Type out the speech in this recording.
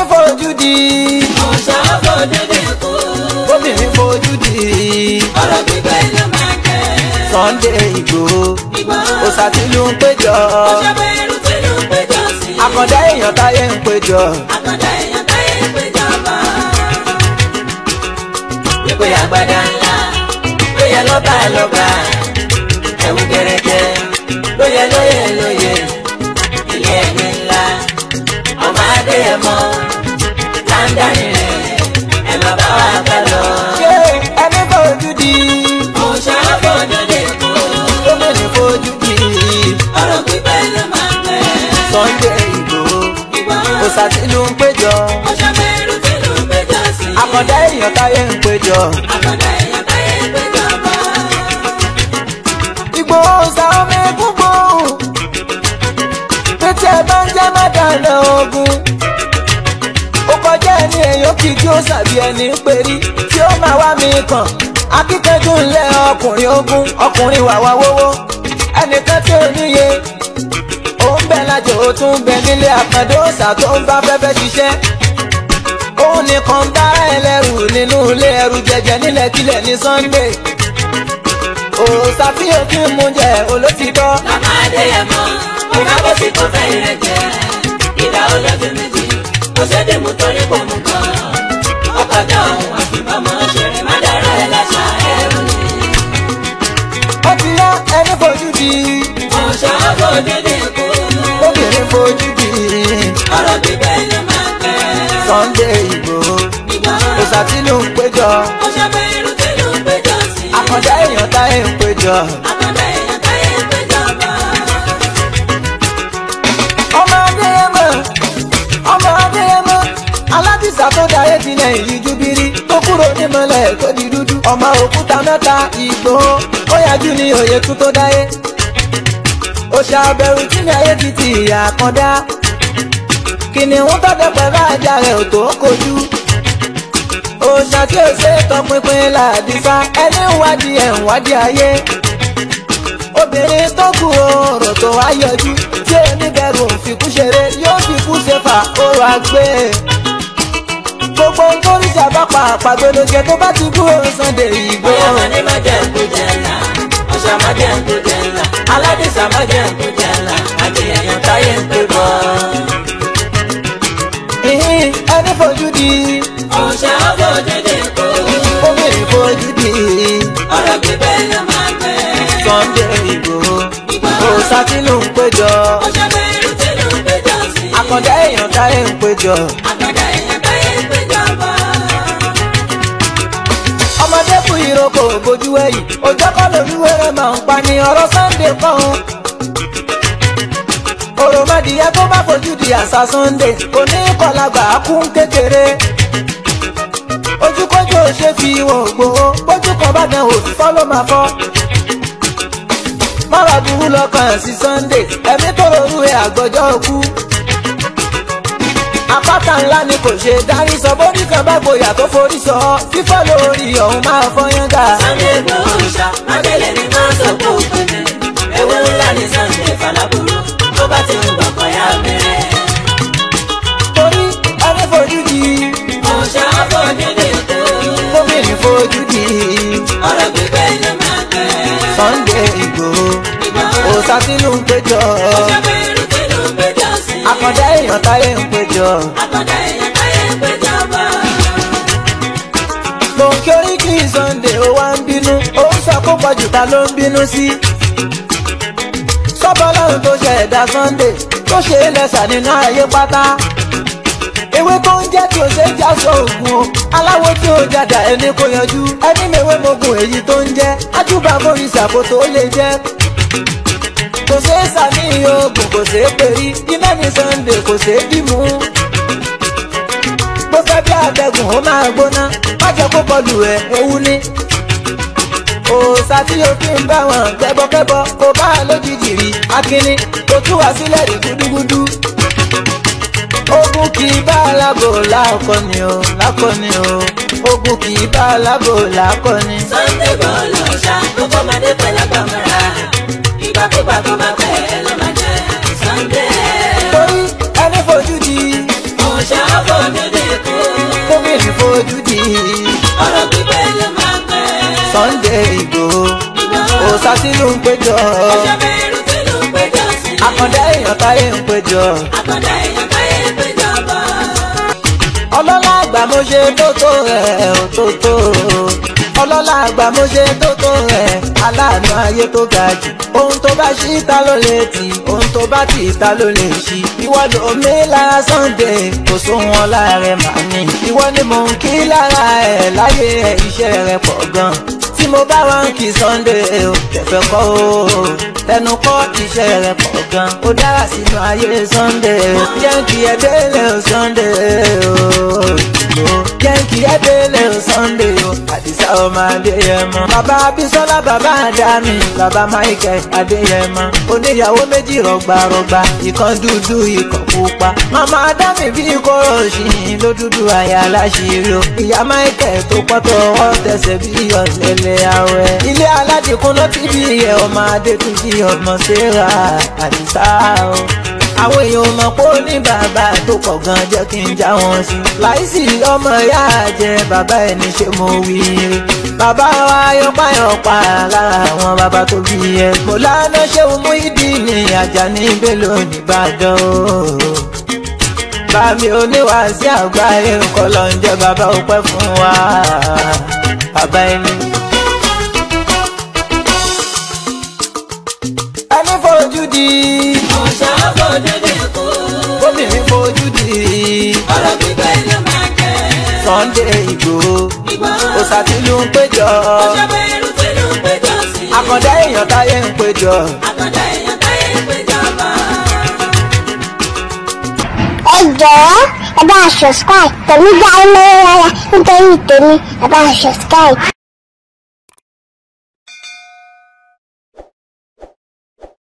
Obìnrin fojú di. Ọ̀ṣà fojú di kú. Obìnrin fojú di. Ọ̀rọ̀ gbígbẹ́ ló máa jẹ́. Sunday Ìgbòho. Ìgbòho. Òṣà tí ló ń péjọ. Ọ̀ṣà bẹ̀rù tí ló ń péjọ sí. Àkàndá èèyàn táyé ń péjọ. Àkàndá èèyàn táyé ń péjọ bá. Ìpè àgbàdá ńlá. Ìpè lọ́ba lọ́ba. òòṣà tí ìlú ń péjọ. ọṣẹ mẹ́rin tí ìlú ń péjọ sí. àkàndá èèyàn táyé ń péjọ. àkàndá èèyàn táyé ń péjọ bọ̀. ìgbò òòṣà ọmọ ẹkún gbòòrùn. pété ẹ bá ń jẹ́ má ogun. ó kọjá ẹni èèyàn kì í ó sàbí ẹni pérí tí ó máa wá mi kàn. akíkanjú ńlẹ̀ ọkùnrin ogun ọkùnrin wàwá wówó ẹnìkan tí ò níye alájò tún bẹ nílé àpẹ̀dọ́sà tó ń bá fẹ́fẹ́ ṣiṣẹ́ ó nìkan dá ẹlẹ́rù nínú ilé ẹrù jẹjẹ nílẹ̀kílẹ̀ ní Sunday òsàfihàn kí n mú jẹ olótìtọ́. màmá adé ẹ̀ mọ́ ìfàkọ́sí kò fẹ́ rẹ̀ jẹ́ ìdá olóògùn méjì kò ṣẹ́dẹ̀ mú torí kò mú kọ́ ọ̀kadà ọ̀hún àfipamọ́ ṣẹ̀rẹ̀ má dára ẹ̀ láṣà ẹ̀rù ni. ó ti yá ẹni fojú di. ọ̀ṣọ́ fojú di fojú bí. ọ̀rọ̀ bíbẹ́ ló máa pẹ́. Sunday Igboho òṣà tí ló ń péjọ. ọ̀ṣàbẹ̀ irun tí ló ń péjọ sí. àkàndá èèyàn táyé ń péjọ. àkàndá èèyàn táyé ń péjọ bá. ọmọ adéyẹmọ ọmọ adéyẹmọ aládìsá tó dáyé ti nà èyí ju bírí tó kúrò nímọ̀lẹ̀ tó di dúdú. ọmọ òkúta mẹ́ta Ìgbòho ó yájú ní òye kú tó dáyé. òṣà àbẹ̀rù tí ní ayé ti ìyá kan dá kìnìún tọ́jọ́ pẹ̀lú ajá rẹ̀ ò tó kojú òòṣà tí ò ṣe tọpinpin làdìfá ẹni ń wádìí ẹ̀ ń wádìí ayé obìnrin tó kù oòrùn tó wá yọjú tí oníbẹ̀rù òfìkú ṣeré yóò fìkú ṣe fà oòrùn àgbẹ̀ gbogbo nkórìṣà bá pa àpagbélójẹ tó bá ti kú oòrùn Sunday Igboho. ọ̀yà màní má jẹ́ ǹkú jẹ́ ńlá ọ̀ṣà má jẹ́ ǹkú jẹ́ ńlá aládìsá má jẹ́ ǹkú dem paper. Hey, I dey for you di. Ọ̀sà àbọ̀dé dé kó. Ó bèrè for you di. Ọ̀rọ̀ gbígbẹ́ ló máa gbẹ. Sunday ìgbò. Òòṣà tí ló ń péjọ. Ọ̀sà bẹ̀rù tí ló ń péjọ sí. Àkàndá èèyàn táyé ń péjọ. Àkàndá èèyàn táyé ń péjọ bá. Ọmọdé fún ìrókò ògbójú ẹ̀yìn. Òjọ́kọ́ lòlúwẹ̀rẹ̀ máa ń pa ní ọ̀rọ̀ Sunday kan kòkòrò mádìyẹ tó bá fojú di àṣà Sunday kò ní kọlàgbà kún kékeré ojúkójú ò ṣe fi wọn ògbó bójú kan bá dán òfìfọ́ ló máa fọ́ mọ́rọ̀ burú lọ́kàn sí Sunday ẹ̀mí tó rorú ẹ̀ àgbọ̀jọ́ kú apáta ńlá ni kò ṣe darí sọ bórí kan bá gboyà tó forí sọ fífọ́ lórí ọ̀hún máa fọyán ga. Sunday Igboho ṣá májèlé ni máa sọ pé òpin ẹ̀wọ̀n ńlá ni Sunday. tí ló ń péjọ. ọ̀ṣọ́gbẹ́ irú tí ló ń péjọ sí. àkàndá èèyàn táyé ń péjọ. àkàndá èèyàn táyé ń péjọ bá. bòńkì orí kí Sunday ó wá ń bínú ó ń ṣàkópọ̀ jù ta ló ń bínú sí. sọ́bọ̀lọ́run tó ṣe ẹ̀dá Sunday tó ṣe é lẹ́sà nínú ayé pátá. ewé tó ń jẹ́ tí o ṣe ń já sọ ògùn o aláwo tí ó jàdà ẹni kò yanjú ẹni mẹ́wẹ́ mogun èyí tó ń jẹ́ ajúbà forí ṣàkóso ó lè jẹ́ kò ṣe é sàmì oògùn kò ṣe é perí iná ní Sunday kò ṣe é dìmú. bó fẹ́ bí àtẹ̀gùn ó máa gbóná má jẹ́ kó kọlù ẹ̀ ewu ní. òòṣà tí o fi ń bá wọn gbẹbọkẹbọ kò bá a lójijì rí akínní kò tú wá sílẹ̀ rí gúdúgúdú. ogun kì í bá alábò lákọni o lákọni o ogun kì í bá alábò lákọni. Sunday bọ́ọ̀lù ṣá gbogbo ọmọdé pẹ̀lú àgbàmọ́ra kígbàkúgbà tó bá fẹ́ ẹ ló máa jẹ́ Sunday. torí ẹni fojú di. òòṣà fojú di kú. gómìnà fojú di. ọ̀rọ̀ pípẹ́ ló máa pẹ́. Sunday Igboho òòṣà tí ló ń péjọ. ọ̀ṣọ́ bẹ́ẹ̀rù tí ló ń péjọ sí. àkàndá èèyàn táyé ń péjọ. àkàndá èèyàn táyé ń péjọ bọ̀. ọlọ́lá àgbà mo ṣe tó tó rẹ̀ ò tó tó ọlọ́lá àgbà mo ṣe tó tó rẹ̀ àánú ayé tó ga jù ohun tó bá ṣí ta ló lè tì ohun tó bá tì ta ló lè ṣí ìwọ ló mí lára Sunday kò sóhun ọlá rẹ màá ní ìwọ ni mò ń kí lára ẹ láyé ẹ iṣẹ́ rẹ pọ̀ gan tí mo bá wá ń Sunday o tẹ̀fẹ́ kọ́ o tẹnu kọ́ iṣẹ́ rẹ pọ̀ gan ó dára sínú ayé Sunday o yẹ́nkì ẹ̀dẹ́lẹ̀ o Sunday o yẹ́nkì ẹ̀dẹ́lẹ̀ o Sunday àdìsá ọmọ adéyẹmọ. bàbá abisola Baba adami bàbá michael adéyẹmọ. oníyàwó méjì rọgbàrọgbà ìkan dúdú ìkan pupa. Mama adami bí kòrò ṣìn ló dúdú àyà aláṣìírí o. ìyá michael tó pọ́tọ̀ ọwọ́ tẹsẹ̀ bí ọ̀lẹ́lẹ̀ àwẹ̀. ilé aládìkúnná ti bí ọmọ adétúnjì ọmọ sarah àdìsá o àwọn èèyàn mọ̀ pé ó ní bàbá tó kọ̀ gan jẹ́ kí n já wọn sí. láìsí ọmọ ìyá jẹ bàbá ẹni ṣe mo wí rí. bàbá wa yọpayọpa lára àwọn bàbá tó bí ẹ. mo lánàá ṣéun mú ìdí ní Àjàní Bello nìbàdàn o. bàmí oníwàásí àgbáyé nǹkan lọ ń jẹ bàbá ọpẹ́ fún wa bàbá ẹni. ẹni fojú di. Sunday Igboho òòṣà tìlú ń péjọ àkàndá èèyàn táyé ń péjọ. ẹ jọ̀ọ́ ẹ bá a subscribe pẹ̀lú gbàgbọ́ lọ́wọ́ rárá nítorí tèmi ẹ bá a subscribe.